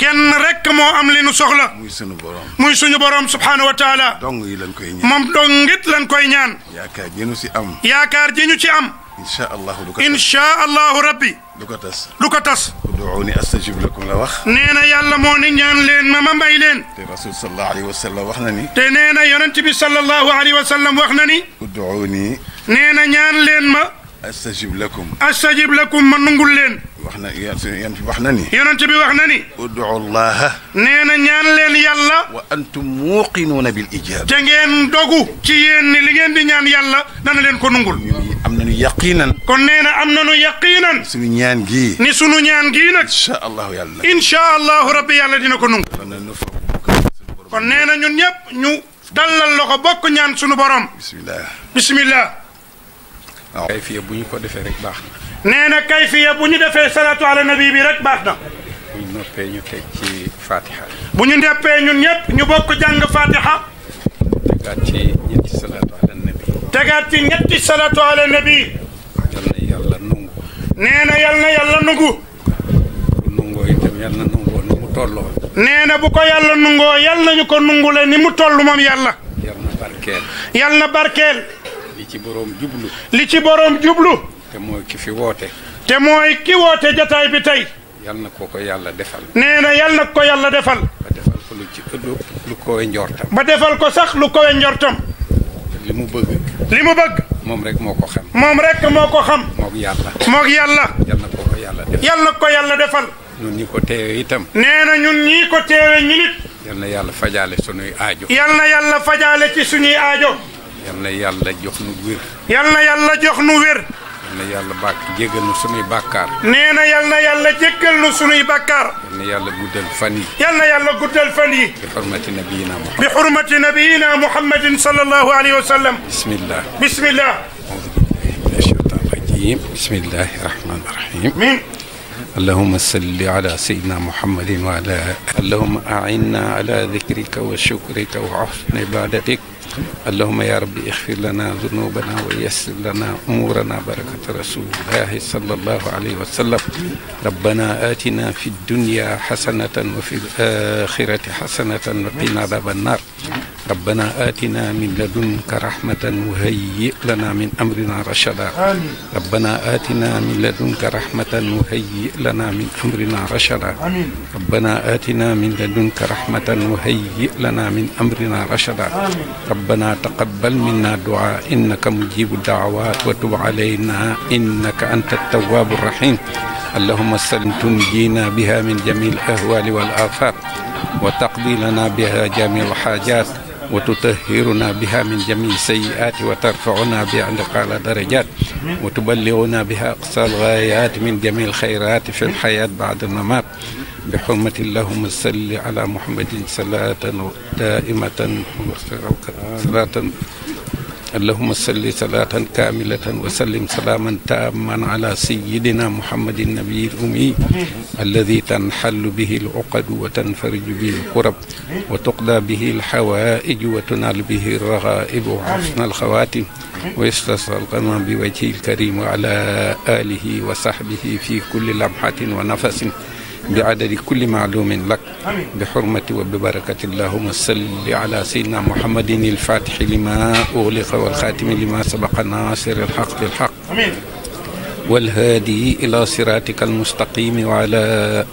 kenn rek moo am li nu soxla. muy suñu borom. muy suñu borom subxanahu wa taala. dong yi lañ koy ñaan moom dongit lañ koy ñaan. yaakaar ji ñu ci am. yaakaar ji ñu ci am. incha allahu du ko tas incha allahu rabbi. du ko tas du ko tas. ud'uuni astajib lakum la wax. nee na yàlla moo ni ñaan leen ma ma may leen. te rasul sallallahu alayhi wa sallam wax na ni. te nee na yonent bi sallallahu alayhi wa sallam wax na ni. ud'uuni. nee na ñaan leen ma. أستجيب لكم أستجيب لكم من نقول لين وحنا وحناني ينتبه وحناني ادعوا الله نينا نيان لين يلا وأنتم موقنون بالإجابة جنجين دوغو تيين لين دي نيان يلا نانا لين كو نقول أمنا يقينا كون نينا أمنا يقينا سنو نيان جي ني سنو نيان جي إن شاء الله يلا إن شاء الله ربي يلا دينا كو نقول كون نينا نيون يب نيو dalal loko bokk ñaan بسم الله بسم الله waaw kayfiya bu ñu ko defee rek baax na. nee na kayfiya bu ñu defee salatu ala nabi bi rek baax na. bu ñu noppee ñu teg ci fatiha. bu ñu noppee ñun ñëpp ñu bokk jàng fatiha. tegaat ci ñetti salatu ala nabi. tegaat ci ñetti salatu ala nabi. yal na yàlla nangu. nee na yal na yàlla nangu. bu nangoo itam yal na nangoo ni mu tolloo. nee na bu ko yàlla nangoo yal nañu ko nangule ni mu toll moom yàlla. yal na barkeel. yal na barkeel. ci boroom jublu. li ci boroom jublu. te mooy ki fi woote. te mooy ki woote jataay bi tey. yal na ko ko yàlla defal. nee na yal na ko yàlla defal. ba defal ko lu ci lu kowe njortam. ba defal ko sax lu kowe njortam. li mu bëgg. li mu bëgg. moom rek moo ko xam. moom rek moo ko xam. moog yàlla. moog yàlla. yal na ko ko yàlla defal. ko yàlla defal. ñun ñi ko teewe itam. nee na ñun ñii ko teewe ñu yal na yàlla fajaale sunuy aajo. yal na yàlla fajaale ci suñuy aajo. yal na yàlla jox nu wér. yal na yàlla jox nu wér. yal na yàlla bàkk jégal nu sunuy bàkkaar. nee na yal na yàlla jégal nu sunuy bàkkaar. yal na yàlla guddal fan yi. yal na yàlla guddal fan yi. bi xurmati nabiyina Muhammad. bi xurmati nabiyina Muhammadin sallallahu alayhi wa sallam. bismillah. bismillah. auzu billahi mina shaytaani rajiim. bismillahi rahmaani rahiim. اللهم صل على سيدنا محمد وعلى اللهم أعنا على ذكرك وشكرك وحسن عبادتك اللهم يا رب اغفر لنا ذنوبنا ويسر لنا امورنا بركه رسول الله صلى الله عليه وسلم ربنا اتنا في الدنيا حسنه وفي الاخره حسنه وقنا باب النار ربنا آتنا من لدنك رحمة وهيئ لنا من أمرنا رشدا آمين ربنا آتنا من لدنك رحمة وهيئ لنا من أمرنا رشدا آمين ربنا آتنا من لدنك رحمة وهيئ لنا من أمرنا رشدا آمين ربنا تقبل منا دعاء إنك مجيب الدعوات وتب علينا إنك أنت التواب الرحيم اللهم سلم تنجينا بها من جميع الأهوال والآفات وتقضي لنا بها جميع الحاجات وتطهرنا بها من جميع السيئات وترفعنا بها قال درجات وتبلغنا بها أقصى الغايات من جميع الخيرات في الحياة بعد الممات بحرمة اللهم صل على محمد صلاة دائمة صلاة اللهم صل صلاة كاملة وسلم سلاما تاما على سيدنا محمد النبي الأمي الذي تنحل به العقد وتنفرج به الكرب وتقضى به الحوائج وتنال به الرغائب وحسن الخواتم ويستسقى القمر بوجهه الكريم وعلى آله وصحبه في كل لمحة ونفس بعدد كل معلوم لك بحرمة وببركة اللهم صل على سيدنا محمد الفاتح لما أغلق والخاتم لما سبق ناصر الحق بالحق والهادي إلى صراطك المستقيم وعلى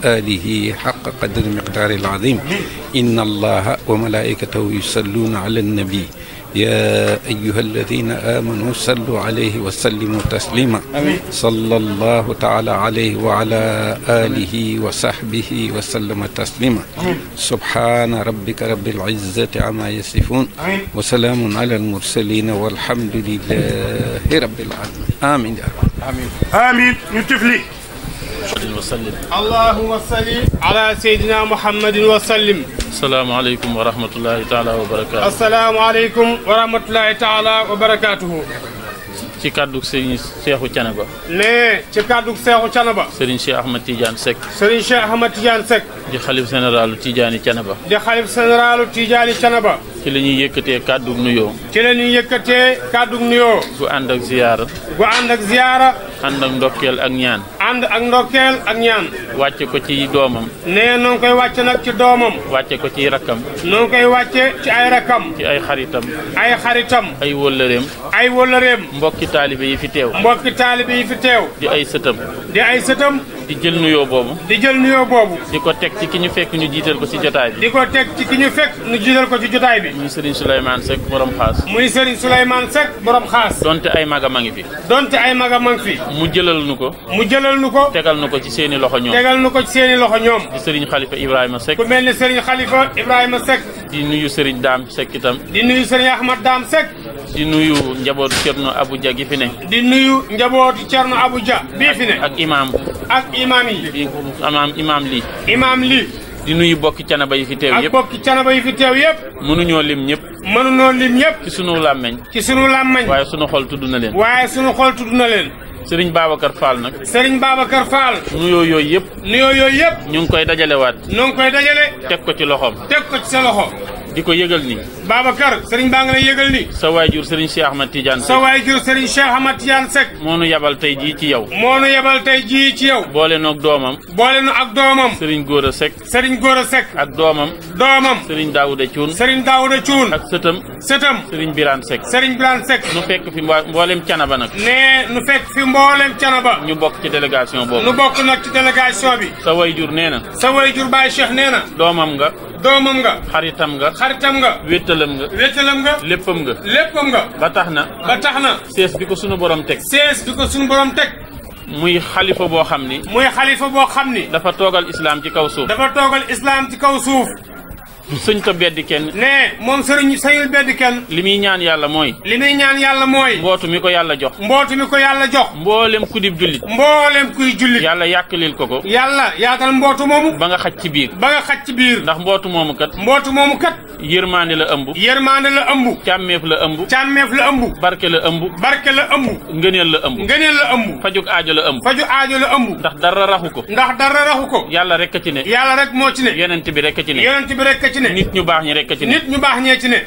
آله حق قدر المقدار العظيم إن الله وملائكته يصلون على النبي يا أيها الذين آمنوا صلوا عليه وسلموا تسليما صلى الله تعالى عليه وعلى آله وصحبه وسلم تسليما سبحان ربك رب العزة عما يصفون وسلام على المرسلين والحمد لله رب العالمين آمين يا رب آمين آمين نتفلي وسلم اللهم صل على سيدنا محمد وسلم asalaamaaleykum wa rahmatulahi taala wa barakaatu. asalaamaaleykum wa taala wa ci kàddu sëriñ Seexu Canaba. nee ci kàddu Seexu Canaba. sëriñ Cheikh Ahmad Tidiane Seck. sëriñ Cheikh Ahmad Tidiane Seck. di xalif généralu Tidiane Canaba. Canaba. ci la ñuy yëkkatee kàddug nuyoo. ci la ñuy yëkkatee kàddug nuyoo. bu ànd ak ziyaara. bu ànd ak ziyaara. ànd ak ndokkeel ak ñaan. ànd ak ndokkeel ak ñaan. wàcce ko ci doomam. nee noo koy wàcce nag ci doomam. wàcce ko ci rakkam. noo ngi koy wàcce ci ay rakkam. ci ay xaritam. ay xaritam. ay wëllëreem. ay wëllëreem. mbokki taalibe yi fi teew. mbokki taalibe yi fi teew. di ay sëtam. di ay sëtam. di jël nuyoo boobu. di jël nuyoo boobu. di ko teg ci ki ñu fekk ñu jiital ko ci jotaay bi. di ko teg ci ki ñu fekk ñu jiital ko ci jotaay bi. muy Serigne Souleymane Seck borom xaas. muy Serigne Souleymane Seck borom xaas. donte ay magam a ngi fi. donte ay magam a ngi fi. mu jëlal nu ko. mu jëlal nu ko. tegal nu ko ci seeni loxo ñoom. tegal nu ko ci seeni loxo ñoom. di Serigne Khalifa Ibrahima Seck. ku mel ni Serigne Khalifa Ibrahima Seck. di nuyu Serigne daam Seck itam. di nuyu Serigne Ahmad Dame Seck. di nuyu njabootu Cerno Abuja gi fi ne. di nuyu njabootu Cerno Abuja bii fi ne. ak imaam ak imaam yi. imaam imaam lii. imaam lii. di nuyu bokki canaba yi fi teew yëpp ak bokki fi teew yëpp. mënuñoo lim ñëpp. mënuñoo lim ñëpp. ci sunu làmmeñ. ci sunu làmmeñ. waaye sunu xol tudd na leen. waaye sunu xol tudd na leen. Sëriñ Babacar Fall nag. Sëriñ Babacar Fall. nuyoo yooyu yëpp. nuyoo yooyu yëpp. ñu ngi koy dajalewaat. ñu ngi koy dajale. teg ko ci loxoom. teg ko ci sa loxo. di ko yëgal ni Babacar sëriñ baa nga lay yëgal ni sa jur sëriñ Cheikh Ahmad Tidiane sa waajur sëriñ Cheikh Ahmad Tidiane Seck moo nu yabal tey jii ci yow moo nu yabal tey jii ci yow boole nu doomam boole nu ak doomam sëriñ Gora Seck sëriñ Gora Seck ak doomam doomam sëriñ Daouda Thioune sëriñ Daouda Thioune ak sëtam sëtam sëriñ Birane Seck sëriñ Birane Seck nu fekk fi mboolem ba nag nee nu fekk fi mboolem ba ñu bokk ci délégation boobu nu bokk nag ci délégation bi sa jur nee na sa waajur Baye nee doomam nga doomam nga xaritam nga xaritam nga wéttalam nga wéttalam nga léppam nga léppam nga ba tax na ba tax na sees sunu borom teg sees bi sunu borom teg muy khalifa bo xamni muy khalifa bo xamni dafa togal islam ci kaw suuf dafa togal islam ci kaw suuf suñ ta beddi kenn ne moom sëriñ sayul beddi kenn li muy ñaan yàlla mooy li ñaan yàlla mooy mbootu mi ko yàlla jox mbootu mi ko yàlla jox mboolem ku dib jullit mboolem kuy jullit yàlla yàkkalil ko ko yàlla yaatal mbootu moomu ba nga xaj ci biir ba nga xaj biir ndax mbootu moomu kat mbootu moomu kat yërmaande la ëmb yërmaande la ëmb càmmeef la ëmb càmmeef la ëmb barke la ëmb barke la ëmb ngëneel la ëmb ngëneel la ëmb fajuk la ëmb fajuk aajo la ëmb ndax dara raxu ko ndax dara raxu ko yàlla rekk ci rek moo ci ne yonent bi ci ne. nit ñu baax ñi rek ci ne. nit ñu baax ñee ci ne.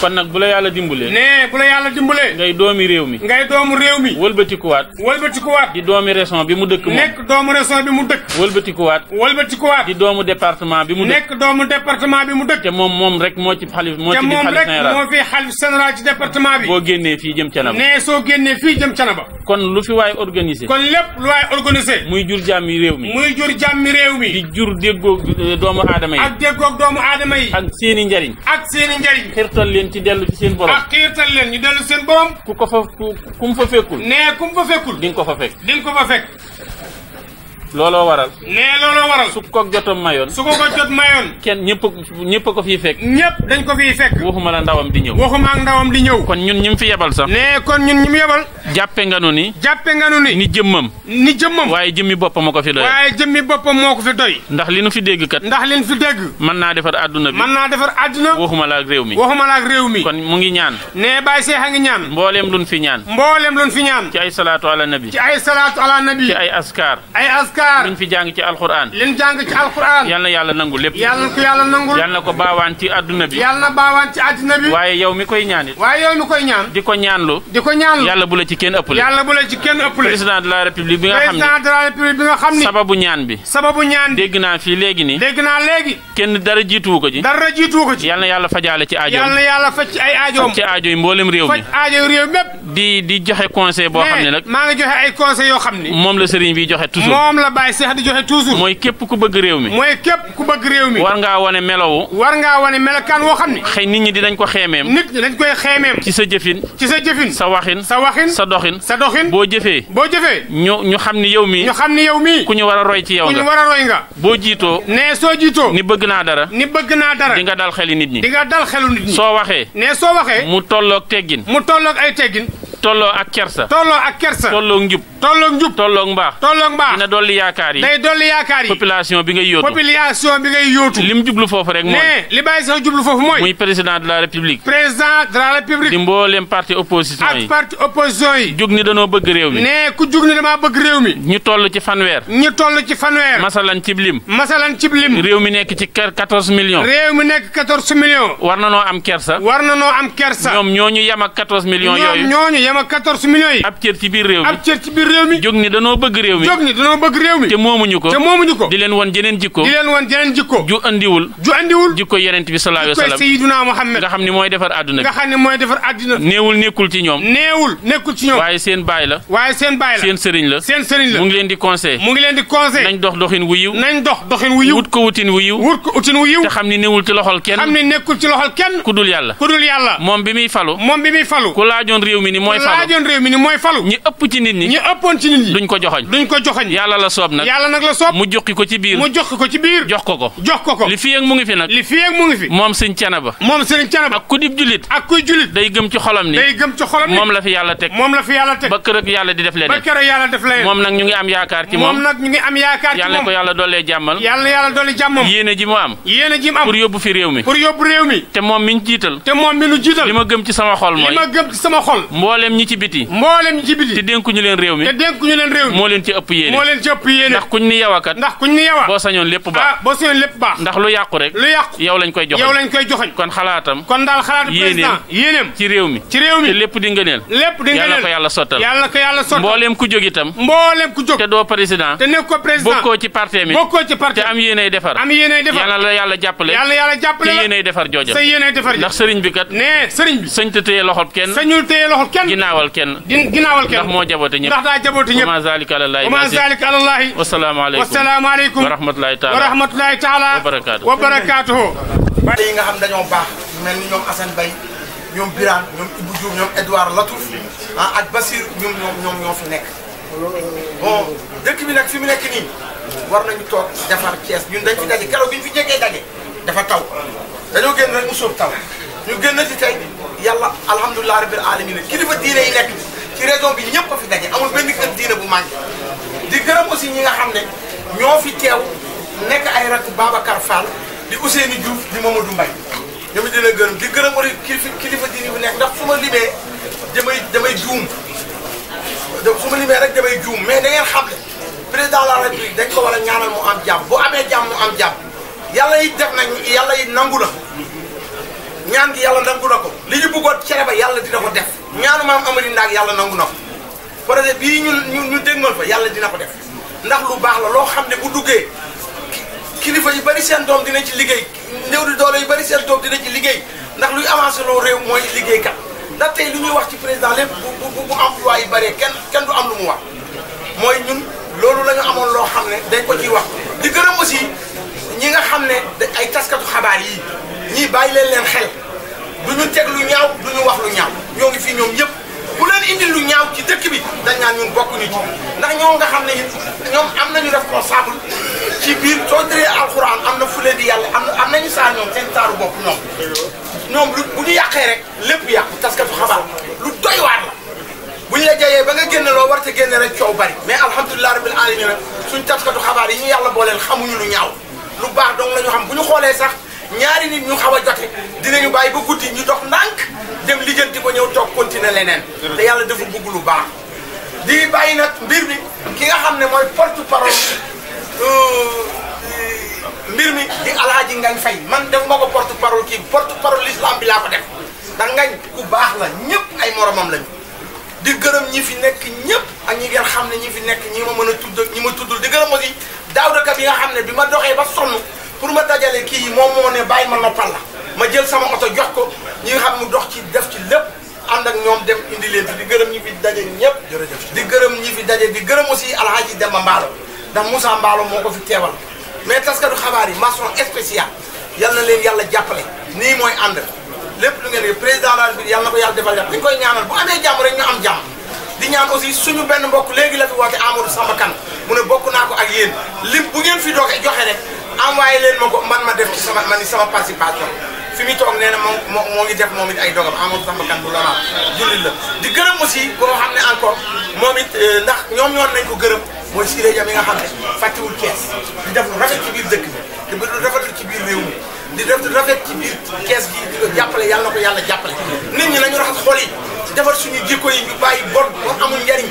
kon nag bu la yàlla dimbalee nee bu la yàlla dimbalee ngay doomi réew mi ngay doomu réew mi wëlbatikuwaat wëlbatikuwaat di doomi région bi mu dëkk moom nekk doomu région bi mu dëkk wëlbatikuwaat wëlbatikuwaat di doomu département bi mu dëkk nekk doomu département bi mu dëkk te moom moom rek moo ci xalif moo ci di xalif département bi boo génnee fii jëm canaba nee soo génnee fii jëm canaba kon lu fi waay organisé kon lépp lu waay organisé muy jur jàmmi réew mi muy jur jàmmi réew mi di jur déggoog euh, doomu aadama yi ak doomu aadama yi ak seeni njariñ ak seeni njariñ xirtal leen ci dellu ci seen borom. ak xiirtal leen ñu seen borom. ku ko fa ku mu fa fekkul. nee ku mu fa fekkul. di ko fa fekk. ko fa fekk. Lolo waral nee lolo waral su ko jotam mayoon su ko ko jot mayoon kenn ñëpp ñëpp ko fii fekk ñëpp dañ ko fii fekk waxuma la ndawam di ñëw waxuma ak ndawam di ñëw kon ñun ñim fi yebal sax nee kon ñun ñim yebal jàppe nga nu ni jàppe nga nu ni ni jëmmam ni jëmmam waaye jëmmi boppam ko fi doy waaye jëmmi boppam moo fi doy ndax li nu fi dégg kat ndax li nu fi dégg mën naa defar àdduna bi mën naa defar àdduna waxuma la ak réew mi waxuma la ak réew mi kon mu ngi ñaan nee bàyyi seexa ngi ñaan mboolem luñ fi ñaan mboolem luñ fi ñaan ci ay salaatu ala nabi ci ay salaatu ala nabi ci ay askar ay askar Makhtar liñ fi jàng ci alxuraan liñ jàng ci alxuraan yal na yàlla nangu lépp yal na ko yàlla nangul yal na ko baawaan ci di la ci kenn ëppale yàlla bu la ci kenn ëppale président de la république bi nga xam ne président de la république bi nga xam ne sababu ñaan bi sababu joxe conseil boo xam ne nag maa ngi joxe ay conseil yoo xam ne moom la sëriñ bi joxe toujours Baye Cheikh di joxe toujours. mooy képp ku bëgg réew mi. mooy képp ku bëgg réew mi. war ngaa wane melowu. war ngaa wane melokaan woo xam ne. xëy nit ñi dinañ ko xeemeem. nit ñi dañ koy xeemeem. ci sa jëfin. ci sa jëfin. sa waxin. sa waxin sa doxin. sa doxin boo jëfee. boo jëfee ñu ñu xam ni yow mii. ñu xam ni yow mii. ku ñu war a roy ci yow nga ku ñu war a roy nga. boo jiitoo. nee soo jiitoo. ni bëgg naa dara. ni bëgg naa dara. di nga dal xeli nit ñi. di nga dal xelu nit ñi. soo waxee. nee soo waxee. mu tolloog teggin. mu tolloog ay teggin. tolloo ak kersa. tolloo ak kersa. tolloo njub. tolloo njub. tolloo mbaax. tolloo mbaax dina dolli yaakaar yi. day dolli yaakaar yi. population bi ngay yóotu. population bi ngay yóotu. lim jublu foofu rek mooy. mais li bàyyi sax jublu foofu mooy. muy président de la république. président de la république. di mboolem parti opposition yi. ak parti opposition yi. jug ni danoo bëgg réew mi. ne ku jug ni damaa bëgg réew mi. ñu toll ci fanweer. ñu toll ci fanweer. masalan ci lim. masalan ci lim. réew mi nekk ci kër 14 millions. réew mi nekk 14 millions. war na noo am kersa. war na noo am kersa. ñoom ñoo ñu yem ak 14 millions yooyu. ñoom ñoo ñu ma 14 millions yi ab cër ci biir réew mi ab cër ci biir réew mi jóg ni danoo bëgg réew mi jóg ni danoo bëgg réew mi te moomuñu ko te moomuñu ko di leen wan jeneen jikko di leen wan jeneen jikko ju andiwul ju andiwul jikko yonent bi sallallahu alayhi wasallam sayyiduna Muhammad nga xam ni mooy defar àdduna bi nga xam ni mooy defar àdduna néewul nekkul ci ñoom néewul nekkul ci ñoom waaye seen baay la waaye seen baay la seen sëriñ la seen sëriñ la mu ngi leen di conseil mu ngi leen di conseil nañ dox doxin wu yiw nañ dox doxin wu yiw wut ko wutin wu yiw wut ko wutin wu yiw te xam ni néewul ci loxol kenn xam ni nekkul ci loxol kenn ku dul yàlla ku dul yàlla moom bi muy falu moom bi muy falu ku laajoon réew mi ni mooy laajoon réew mi ni mooy falu ñi ëpp ci nit ñi ëppoon ci nit ñi duñ ko joxoñ duñ ko joxoñ yàlla la soob nag mu joxi ko ci biir jox ko ko jox ko ko li fii ak mu ngi fi nag li fii ak mu ngi fi moom sëñ Canaba moom sëñ Canaba ak ku dib julit day gëm ci xolam ni day gëm ci xolam ni moom la fi yàlla teg ba kërëg yàlla di def leneen ba moom nag ñu ngi am yaakaar ci moom nag ñu ngi am yaakaar ci moom yàlla ko jàmmal yàlla yàlla am yéene yóbbu fi réew mboolem ñi ci biti mboolem ñi ci biti te dénkuñu leen réew mi te dénkuñu leen réew mi moo leen ci ëpp yéene moo leen ci ëpp yéene ndax kuñ ni yow akat ndax kuñ ni yow a boo sañoon lépp baax ah boo sañoon lépp baax ndax lu yàqu rek lu yàqu yow lañ koy joxoñ kon xalaatam kon daal xalaat président yéeneem ci réew mi ci réew mi te lépp di ngëneel lépp di ngëneel yàlla ko yàlla sottal yàlla ko yàlla sottal mboolem ku ku jóg te doo président te nekk ko président bokkoo ci parti te am yéenay defar am la yàlla jàppale yàlla te yéenay defar jooja ndax sëriñ ginnaawal kenn ginnaawal kenn ndax moo jaboote ñëpp ndax daa jaboote ñëpp wa ma zalika alallahi wa ma zalika alallahi wassalaamu aleykum wa rahmatullahi taala wa rahmatullahi taala wa barakaatuhu bari yi nga xam dañoo baax mel ni ñoom Assane Bay ñoom Birane ñoom Ibou Diouf ñoom Edouard Latouf ah ak Basir ñoom ñoom ñoo fi nekk bon dëkk bi nag fi mu nekk nii war nañu toog defar Thiès ñun dañ fi daje keroog bi ñu fi jegee daje dafa taw dañoo génn rek mu sóob taw ñu gën a ci tey yàlla alhamdulilah rabbil alamin kilifa diine yi nekk ci région bi ñëpp ko fi daje amul benn kër diine bu manqué di gërëm aussi ñi nga xam ne ñoo fi teew nekk ay rakk Babacar Fall di Ousseynou Diouf di Mamadou Mbaye ñoom dina gërëm di gërëm aussi kilifa kilifa diine bu nekk ndax fu ma limee damay damay juum fu ma limee rek damay juum mais da ngeen xam ne président de la république dañ ko war a ñaanal mu am jàmm bu amee jàmm mu am jàmm yàlla yi def nañ yàlla yi nangu na ñaan gi yàlla nangu na ko li ñu bëggoon cere ba yàlla dina ko def ñaanu maam amari ndaag yàlla nangu na ko projet bii ñu ñu dégmal fa yàlla dina ko def ndax lu baax la loo xam ne bu duggee kilifa yu bari seen doom dina ci liggéey néew doole yu bari seen doom dina ci liggéey ndax luy avancé loo réew mooy liggéeykat ndax tey lu ñuy wax ci président lépp bu bu bu emploi yi bëree kenn kenn du am lu mu wax mooy ñun loolu la ñu amoon loo xam ne dañ ko ciy wax di gërëm aussi ñi nga xam ne ay taskatu xabaar yi ñii bàyyi leen leen xel du ñu teg lu ñaaw du ñu wax lu ñaaw ñoo ngi fii ñoom ñëpp ku leen indi lu ñaaw ci dëkk bi dañ naan ñun bokkuñu ci ndax ñoo nga xam ne it ñoom am nañu responsable ci biir soo jëlee alxuraan am na fu leen di yàlla am na am nañu saa ñoom seen taaru bopp ñoom. ñoom lu bu ñu yàqee rek lépp yàqu taskatu xabaar lu doy waar la bu ñu la jayee ba nga génn loo war te génne rek coow bari mais alhamdulilah rabbil alamin suñ taskatu xabaar yi ñu yàlla booleel xamuñu lu ñaaw lu baax donc la ñu xam bu ñu xoolee sax. ñaari nit ñu xawa joté dinañu bayyi bu guddii ñu dox nank dem lijeenti ko ñew tok continuer leneen te yalla dafa bëgg lu baax di bayyi nak mbir mi ki nga xamne moy porte parole euh mbir mi di alhaji ngañ fay man def mako porte parole ki porte parole l'islam bi la ko def da ngañ ku baax la ñepp ay moromam lañu di gërëm ñi fi nekk ñëpp ak ñi ngeen xam ne ñi fi nekk ñi ma mën a tudd ñi ma tuddul di gërëm aussi daawda ka bi nga xam ne bi ma doxee ba sonn pour ma dajale kii yi moom moo ne bàyyi ma la ma jël sama oto jox ko ñi nga xam mu dox ci def ci lépp ànd ak ñoom dem indi leen fi di gërëm ñi fi daje ñëpp di gërëm ñi fi daje di gërëm aussi alhaji Demba Mbaalo ndax musa Mbaalo moko ko fi teewal mais taskatu xabaar yi maçon spécial yal na leen yàlla jàppale nii mooy ànd lépp lu ngeen président de la République yal na ko yàlla defal yàpp dañ koy ñaanal bu amee jàmm rek ñu am jàmm di ñaan aussi suñu benn mbokk léegi la fi woote Amadou Samba Kane mu ne bokk naa ko ak yéen lim bu ngeen fi doge joxe rek envoyé leen ma ko man ma def ci sama man sama participation fi mu toog nee na moom moo moo ngi def moom it ay dogam Amadou Samba Kane bu Lora jullit la di gërëm aussi boo xam ne encore moom it euh, ndax ñoom ñoon nañ ko gërëm mooy Siré Dia mi nga xam ne fàttewul kees di def lu rafet ci biir dëkk bi di rafetul ci biir réew mi di def lu rafet kees gi di ko jàppale yàlla na ko yàlla jàppale nit ñi nañu raxas xol yi defar suñu jikko yi ñu bàyyi bon boo amul njariñ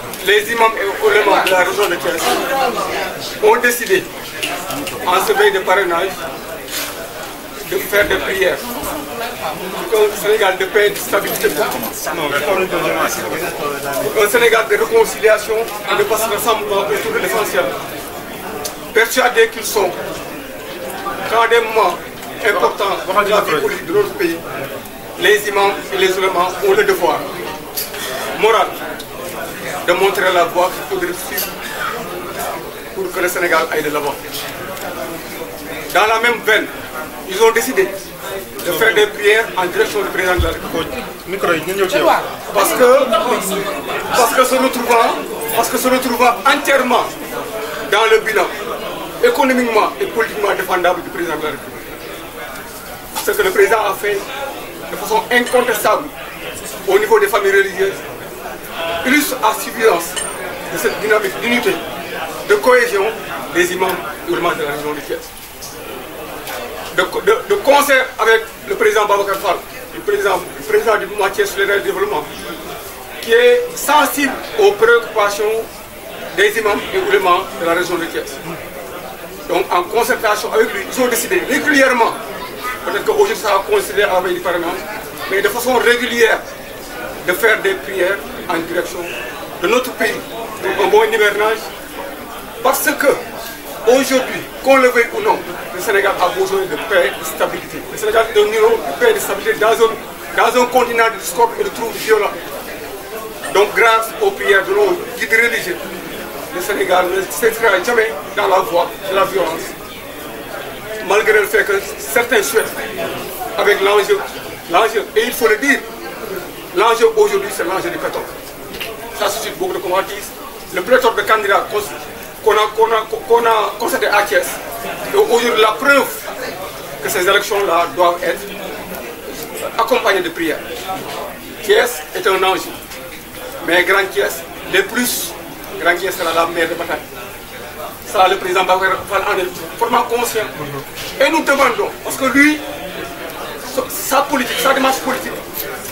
les imams et les oulémas de la région de Thiès ont décidé, en ce veille de parrainage, de faire des prières pour qu'un Sénégal de paix et de stabilité, pour un Sénégal de réconciliation et de passer ensemble autour de l'essentiel. Persuadés qu'ils sont, quand des moments importants dans la vie politique de notre pays, les imams et les oulémas ont le devoir moral de montrer la voie qu'il suivre pour que le Sénégal aille de l'avant. Dans la même veine, ils ont décidé de faire des prières en direction du président de la République. Parce que, parce que se retrouvant, parce que se retrouvant entièrement dans le bilan économiquement et politiquement défendable du président de la République. Ce que le président a fait de façon incontestable au niveau des familles religieuses, plus à surveillance de cette dynamique d'unité, de cohésion des imams urbains de la région De, de, de, concert avec le président Babacar Fall, le président, du président sur les règles du développement, qui est sensible aux préoccupations des imams et oulémas de la région de Thiès. Donc en concertation avec lui, ils ont décidé régulièrement, peut-être qu'aujourd'hui ça va considérer avec les parlement mais de façon régulière, de faire des prières en direction de notre pays pour un bon hivernage. Parce que aujourd'hui, qu'on le veuille ou non, le Sénégal a besoin de paix et de stabilité. Le Sénégal est un niveau de paix et de stabilité dans un, dans un continent de discorde et de troubles violents. Donc grâce aux prières de nos guides religieux, le Sénégal ne s'étira jamais dans la voie de la violence. Malgré le fait que certains souhaitent, avec l'enjeu, l'enjeu, et il faut le dire, l'enjeu aujourd'hui c'est l'enjeu du pétrole ça suscite beaucoup de convoitises. Le pléthore de candidats qu'on a, qu'on a constaté à Thiès est aujourd'hui la preuve que ces élections-là doivent être accompagnées de prières. Thiès est un ange, mais Grand Thiès, le plus, Grand Thiès sera la mère de bataille. Ça, le président va en est fortement conscient. Et nous demandons, parce que lui, sa politique, sa démarche politique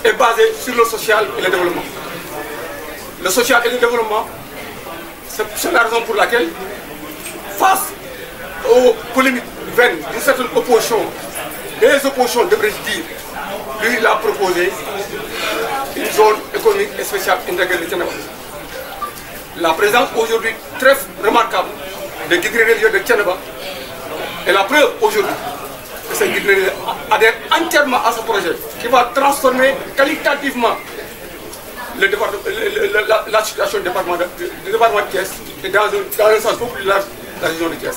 est basée sur le social et le développement le social et le développement. C'est la raison pour laquelle, face aux polémiques vaines d'une certaine opposition, Les oppositions devraient dire, lui il a proposé une zone économique et spéciale intégrée de Tchénaba. La présence aujourd'hui très remarquable de guides religieux de Tchénaba est la preuve aujourd'hui que ces guides religieux adhèrent entièrement à ce projet qui va transformer qualitativement le la, situation du département de, pièces est dans, dans, un sens beaucoup plus large de la région de Thiès.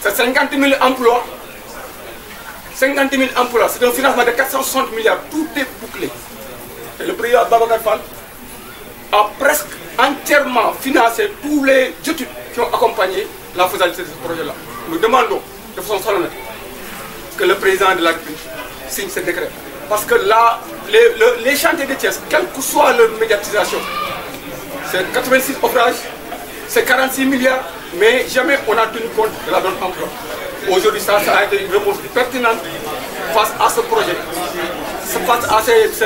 C'est 50 000 emplois. 50 000 emplois, c'est un financement de 460 milliards. Tout est bouclé. Et le président Babacar Fall a presque entièrement financé tous les études qui ont accompagné la faisabilité de ce projet-là. Nous demandons de façon solennelle que le président de la République signe ce décret. Parce que là, les, chantiers de Thiès, quelle que soit leur médiatisation, c'est 86 ouvrages, c'est 46 milliards, mais jamais on a tenu compte de la donne emploi. Aujourd'hui, ça, a été une réponse pertinente face à ce projet, face à ce, ce,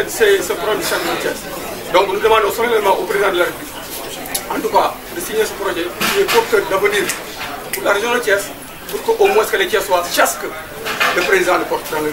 de chantier de Thiès. Donc nous demandons au président de la République, en tout cas, de signer ce projet pour que d'avenir la région de Thiès, pour qu'au moins que les Thiès soient chasse que le président le porte dans le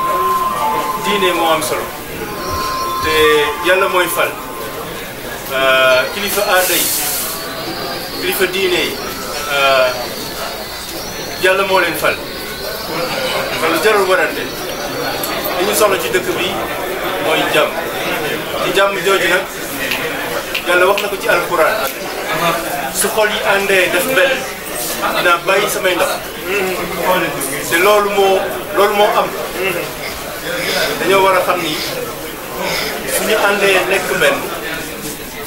diine moo am solo te yàlla mooy fal euh, kilifa aada yi kilifa diine yi euh, yàlla moo leen fal loolu jarul warante li ñu soxla ci dëkk bi mooy jàmm ci jàmm jooju nag yàlla wax na ko ci alquran su xol yi àndee def benn dinaa bàyyi samay ndax te loolu moo loolu moo am dañoo war a xam ni suñu àndee nekk benn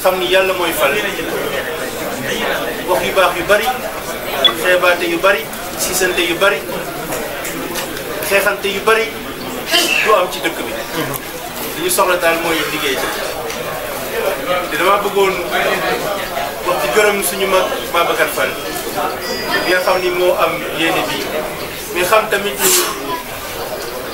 xam ni yàlla mooy fal wax yu baax yu bari xeebaate yu bari siisante yu bari xeexante yu bari du am ci dëkk bi li ñu soxla daal mooy liggéey te dama bëggoon wax ci gërëm suñu mag Babacar Fall bi nga xam ni moo am yéene bi mais xam tamit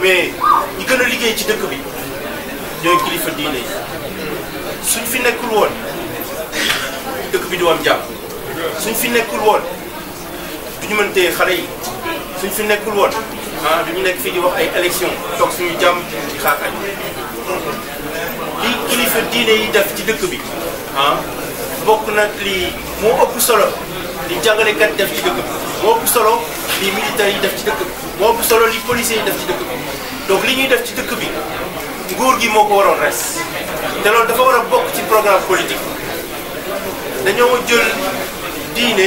mais il y a liggéey ci dëkk bi ñooy kilifa diine a suñ fi nekkul woon dëkk bi on am jàmm suñ fi nekkul woon duñu mën téye xale yi suñ fi nekkul woon ah on nekk des di wax ay élection des suñu on ci des añ li kilifa diine def ci dëkk bi qui ah, bokk na li moo ëpp solo li jàngalekat def ci dëkk bi moo au solo li militaire def ci dëkk bi moo ëpp solo li policiers yi def ci dëkk bi donc li ñuy def ci dëkk bi nguur gi moo ko waroon res te loolu dafa war a bokk ci programme politique dañoo jël diine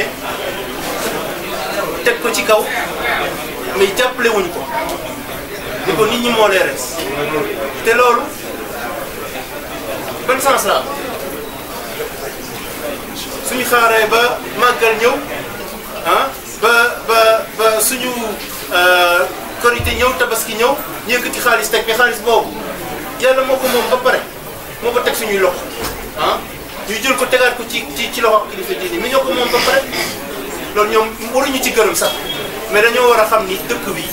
teg ko ci kaw mais jàppale wuñ ko ni ko nit ñi moo res te loolu ban sens la suñu xaaree ba màggal ñëw ah, ba ba ba suñu. Euh, korité ñëw tabaski ñëw ñu yëkkati xaalis teg bi xaalis boobu kenn moo ko moom ba pare moo ko teg suñuy loxo ah ñu jël ko tegaat ko ci ci ci loxo kilifa diine mi ñoo ko moom ba pare loolu ñoom waruñu ci gërëm sax mais dañoo war a xam ni dëkk bi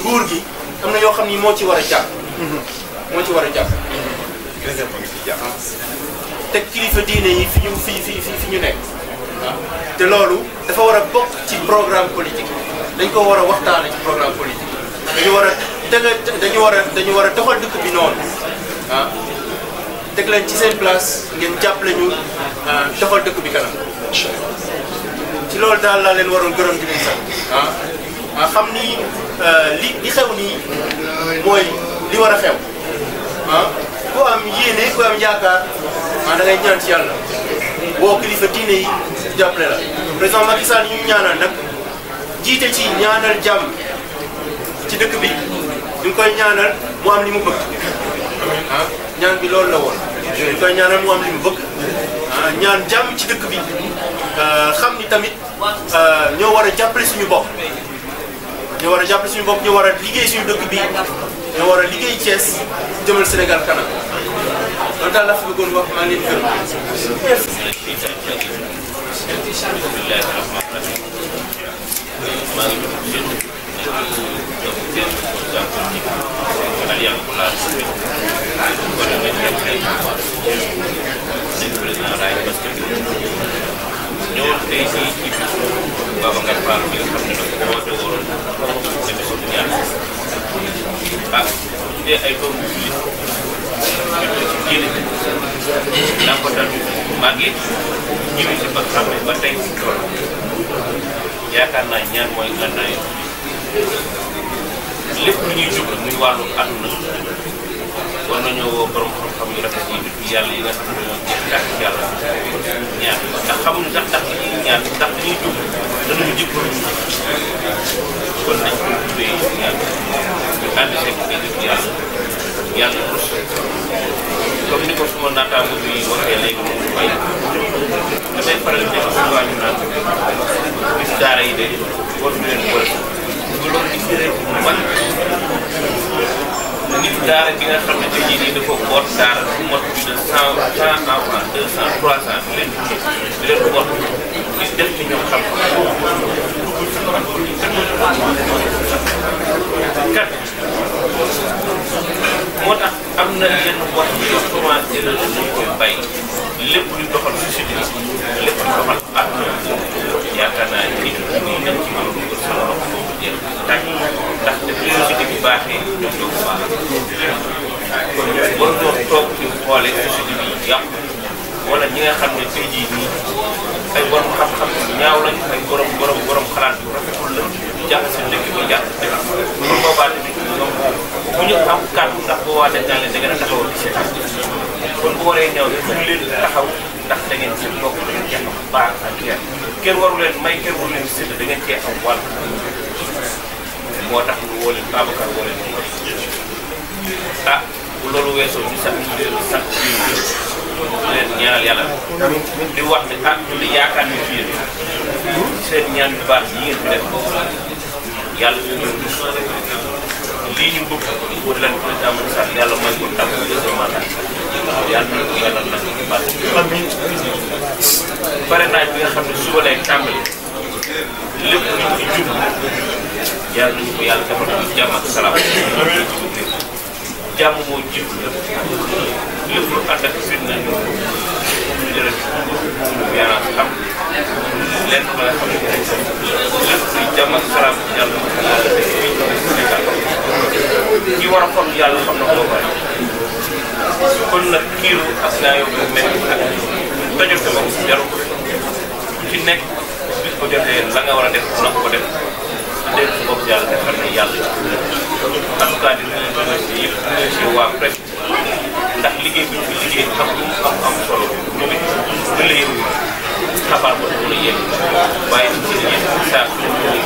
nguur gi am na yoo xam ni moo ci war a jàpp. moo ci war a jàpp. te kilifa diine yi fi ñu fi fi fi ñu nekk. Ah. te loolu dafa war a bokk ci programme politique dañ ko war a waxtaane ci programme politique dañu war dañu war a dañu war a doxal dëkk bi noonu ah teg leen ci seen place ngeen jàppale ñu doxal ah, dëkk bi kanam ci loolu daal laa leen waroon gërëm di leen sax ah, ah, xam ni li li xew nii mooy li war a xew ah ku am yéene ku am yaakaar ah da ngay ñaan ci yàlla woo kilifa diine yi jàppale la président Macky Sall ñu ñaanal nag. jiite ci ñaanal jàmm ci dëkk bi ñu koy ñaanal mu am li mu bëgg ñaan bi loolu la woon ñu ngi koy ñaanal mu am li mu bëgg ñaan jàmm ci dëkk bi xam ni tamit ñoo war a jàppale suñu bopp ñoo war a suñu bopp ñoo war a liggéey suñu dëkk bi ñoo war liggéey Thiès jëmal Sénégal kanam loolu daal laa fi bëggoon wax maa ngi leen gërëm Bagi, ini sebab sampai batai sekolah yaakaar naa ñaar mooy gànnaay lépp lu ñuy jóg muy wàllu àdduna war nañoo woo borom xam-xam yu rafet yi dëkk yàlla yi nga xam ne ñoo jeex dàq yàlla ñaar ndax xamuñu ndax dàq yi ñaar ndax dañuy jóg danañu jikko kon nañ ko ñu ni ko suma bi bay damay faral di def suñu waa ñu naan bis daara yi de war na leen boole ñu loolu gis nga rek man nit daara gi nga xam ne tey jii nii dafa boot daara su mot bi de cent cent enfants deux cent trois cent di leen di leen boot gis def ci ñoom xam kat moo tax am na yenn wax yoo xamante ne dañ koy bàyyi lépp lu doxal société bi lépp lu doxal ak yaakaar naa a dugal solo lool foofu jeex tàkk ndax def li société bi baaxee ñoom ñoo ñi nga xam ne tey jii nii ay borom xam-xam ñaaw lañ ay borom borom xalaat yu rafetul la jaaxal seen dëkk ba jaaxal seen dëkk bu boobaa tamit ñoom bu ñu am kàddu ndax boobaa dañ naan leen da ngeen a taxawal ci seen kon bu waree ñëw rek leen taxaw ndax da ngeen seen mbokk da ngeen jeexam baax ak leen may kenn leen sédd da ngeen cee am moo tax ñu woo leen Babacar woo ah, loolu weesoo ñu sax ñu leen sax fii leen ñaanal yàlla di wax li ah, yaakaar ni fii seen ñaan yu baax yi ngeen fi def yàlla ñu leen lii yàlla mooy ko tam deuxième mandat amiin parrainage bi nga xam ne suba lay tàmbali lépp lu ci jub yàlla nañu ko yàlla defal ko jàmm ak salaam. jàmm moo jiw lépp lu ànd ak fitna ñu jërëjëf yàlla xam lenn ba nga xam ne lépp luy jàmm ak salaam yàlla na ko yàlla defal ko Sénégal ñi war a kon yàlla xam na ko ba kon nag kiiru as naa yóbbu mel ak dajul tamit jarul ku bis ko jotee la nga war a def na ko def dégg sa bopp yàlla defar solo ñu ngi kapal wu xabaar ko mën a yegg waaye ñu ci yéen saa su ñu ngi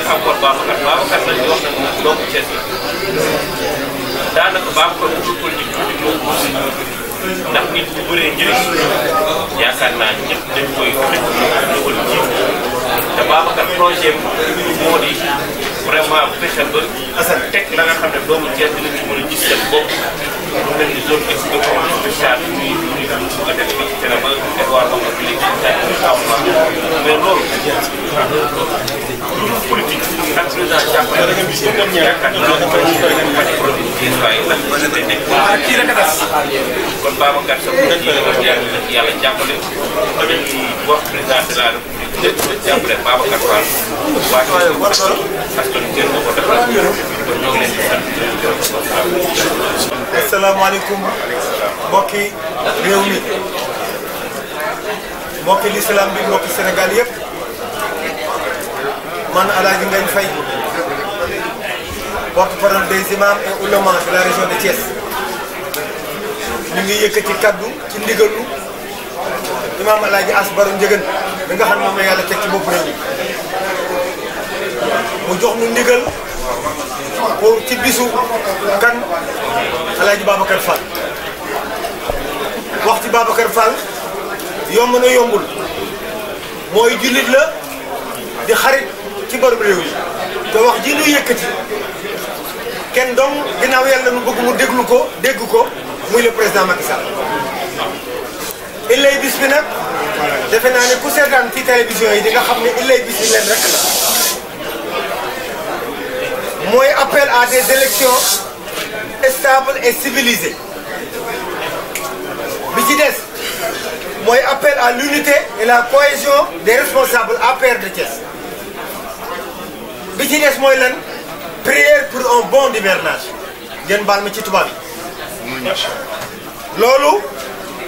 accompagné daanaka baax ko duggul ci tuuti moo ko ndax nit bu bëree njëriñ yaakaar naa ñëpp dañ koy fekk ñu dugal ci te Babacar projet moo di. vraiment fexe ba Assane teg la nga xam ne doomu Thiès dinañ ci mën a gis seen bopp lu mel ni zone ex de commune spéciale muy muy daan bëgg a def ba ci tene ba Edouard Bamba bi léegi daal di taw ma mais loolu toujours politique ak président jàppale rek bu dem ñëw rek ak loolu ko ñu koy def ci produit Thiès waaye lan ba tey nekk kii rek a tas kon Babacar Sow bu nekk yàlla jàppale tamit wax président de la République jàppale Babacar Fall waa kër askan bi kenn ko defal kon ñoo ngi leen di sant di leen gërëm. asalaamaaleykum mbokki réew mi mbokki lislaam bi mbokki Sénégal yëpp man El Hadj Ngagne Faye porte-parole des imams et oulémas de la région de Thiès ñu ngi yëkkati kaddu ci ndigalu. imaam Alaaji As Baro Njëgën bi nga xam ne moom la yàlla teg ci bopp réew mu jox nu ndigal pour ci bisu kan Alaaji Babacar Fall wax ci Babacar Fall yomb na yombul mooy jullit la di xarit ci borom réew yi te wax ji nu yëkkati kenn dong ginnaaw yàlla nu bëgg mu déglu ko dégg ko muy le président Macky illay bis bi nag defe naa ne ku seetaan ci télévision yi di nga xam ne illay bis bi leen rek la mooy appel à des élections stables et civilisées bi ci des mooy appel à l'unité et la cohésion des responsables à de Thiès bi ci des mooy lan prière pour un bon hivernage ngeen baal ma ci tubaab yi loolu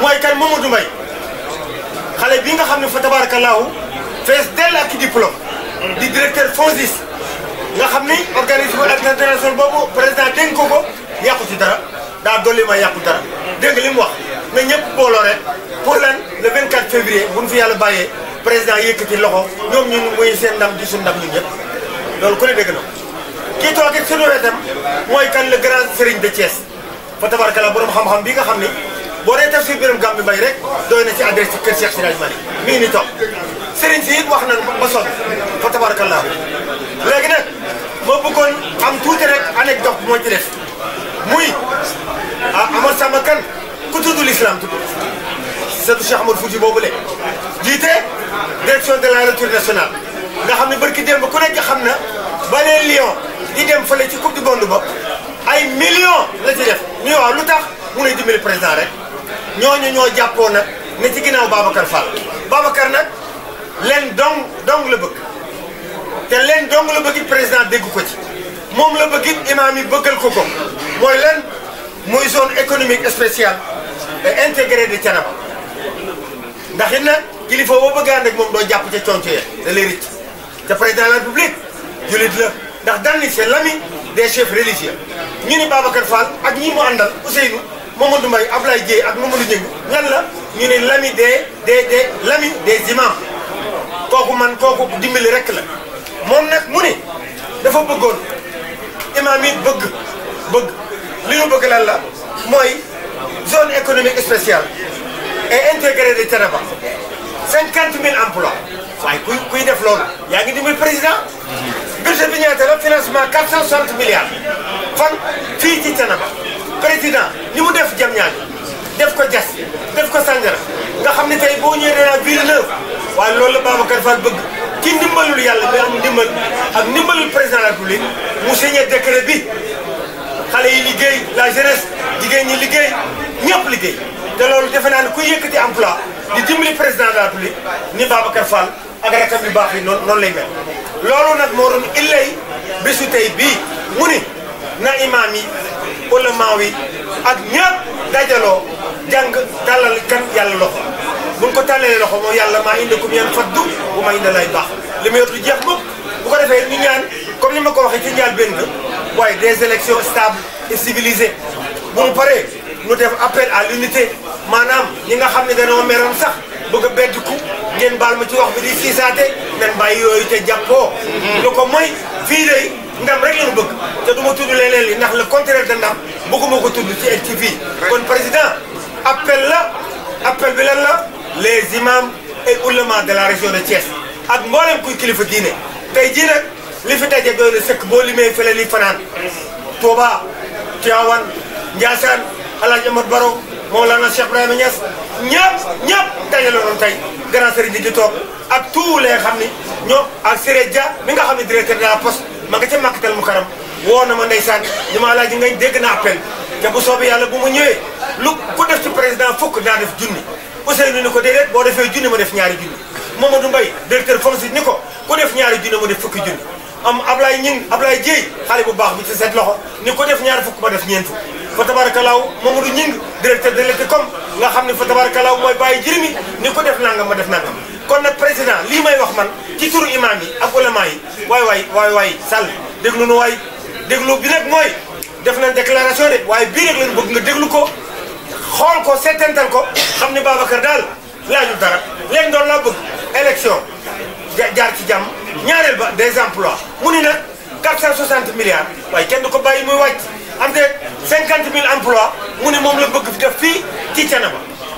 mooy kan Mamadou Mbaye xale bi nga xam ne fa tabaarakallaahu fees dell ak diplôme di directeur FONSIS nga xam ni organisme international boobu président dénk ko ko yàqu ci dara daa dolli ma yàqu dara dégg nga li wax na ñëpp booloo rek pour lan le 24 février bu ñu fi yàlla bàyyee président yëkkati loxo ñoom ñun muy seen ndam di suñu ndam ñun ñëpp loolu ku ne dégg na kii toog ak sunu wetam mooy kan la grand sëriñ de Thiès fa tabaarakallaahu borom xam-xam bi nga xam ni boo dee tafsir biram Gàmbi Mbay rek doy na ci adresse kër Cheikh Siraj Mali mii ni toog sëriñ si it wax nañ ba sonn fa tabarakallah léegi nag ma bëggoon am tuuti rek anecdote bu moo ci def muy ah Amar Samba Kane ku tudd l'islam tudd sëtu Cheikh Amadou Fouti boobu le jiite direction de la nature nationale nga xam ne barki démb ku nekk xam na balee Lyon di dem fële ci coupe du monde ay millions la ci def yo waaw lu tax mu ne dimbali président rek ñooñu ñoo jàppoo nag ne ci ginnaaw Babacar Fall Babacar nag leen dong dong la bëgg te leen dong la bëgg président déggu ko ci moom la bëgg imaam yi bëggal ko ko mooy leen muy zone économique spéciale et intégrée de Thiénaba ndax it nag kilifa boo bëgg ànd moom doo jàpp ca conco ya da lay rëcc te président de la République jullit la ndax daan ni c'est l'ami des chefs religieux ñu ni Babacar Fall ak ñi mu àndal Ousseynou Mamadou Mbaye Ablaye Dieye ak Mamadou Dieng ñan la ñu ne l'ami de des des l'ami de imams kooku man kooku dimbali rek la moom nag mu ne dafa bëggoon imam yi bëgg bëgg li ñu bëgg lan la mooy zone économique spéciale et intégrée de Thiénaba cinquante mille emplois waaye kuy kuy def loolu yaa ngi dimbali président mhm. budget bi ñaata la financement quatre cent soixante milliards fan fii ci Thiénaba président ni mu def jam ñaan def ko jas def ko sàngara nga xam ne tey boo ñëwee a naa biir waaye loolu la Babacar Fall bëgg ci ndimbalul yàlla bi am ndimbal ak ndimbalul président de la République mu signé décret bi xale yi liggéey la jeunesse jigéen ñi liggéey ñëpp liggéey te loolu defe naa ne yëkk yëkkati emploi di dimbali président de la République ni Babacar Fall ak rakam yu baax yi noonu noonu lay mel loolu nag moo doon illay bésu tey bii na imaam ulemaa wi ak ñepp dajalo jang dalal kan yalla loxo bu ñu ko tàllalee loxo mo yalla ma indi ku mu yan faddu bu ma indi lay baax li ma jeex mukk bu ko defé ñu ñaan comme ni ma ko waxee ci njaal benn waaye des élections stables et civilisées bu mu paree ñu def appel à l'unité manam ñi nga xam ne dañoo sax bëgg a ku ngeen bal ma ci wax bi di siisaate nan bàyyi yoyu te jappo mm-hmm. lu ko moy fii ndam rek lañu bëgg te du ma tudd leneen li ndax le contraire de ndam bëgguma ko tudd ci ci kon président appel la appel bi lan la les imams et oulémas de la région de Thiès ak mboolem kuy kilifa diine tey jii nag li fi daje doy na sëkk boo limee fële li fanaan Touba Tivaouane Ndiassane El Hadj Amadou Baro Mawlana Cheikh Ibrahima Niass ñëpp ñëpp daje la doon tey grand sëriñ bi di toog ak tout les xam ni ñoom ak Siré Dia mi nga xam ne directeur de la poste ma nga mu karam woo na ma ndeysaan ni ma alaaji ngañ dégg na appel te bu soobee yàlla bu mu ñëwee lu ko def ci président fukk naa def junni Ousseynou ni ko déedéet boo defee junni ma def ñaari junni Mamadou Mbaye directeur FONSIS ni ko ku def ñaari junni ma def fukki junni am Ablaye Ñing Ablaye Jéy xale bu baax bi ci loxo ni ko def ñaari fukk ma def ñeent fukk fa de l'école nga xam ne fa tabarakalaw mooy bàyyi jirmi ni ko def nangam ma def nangam kon nag président lii may wax man ci turu imaam yi ak ulama yi waay waay waay waay Sall déglu nu waay déglu bi nag mooy def nañ déclaration de waaye bi rek lañ bëgg nga déglu ko xool ko seetantal ko xam ne Babacar daal laajul dara leen doon laa bëgg élection jaar ci jàmm ñaareel ba des emplois mu ni nag 460 milliards waaye kenn du ko bàyyi muy wàcc am te 50 mille emplois mu ne moom la bëgg fi def fii ci Thiénaba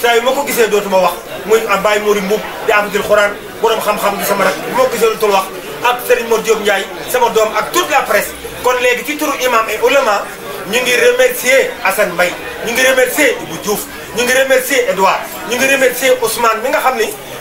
saa yu ma ko gisee dootuma wax muy Baye Mori Mbuub di abdul xuraan borom xam-xam di sama rak bu ma ko gisee dootul wax ak Serigne Mor Diop Ndiaye sama doom ak toute la presse kon léegi ci turu imam et ulama ñu ngi remercier Assane Mbaye ñu ngi remercier Ibou Diouf ñu ngi remercier Edouard ñu ngi remercier Ousmane mi nga xam ni